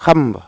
xam nga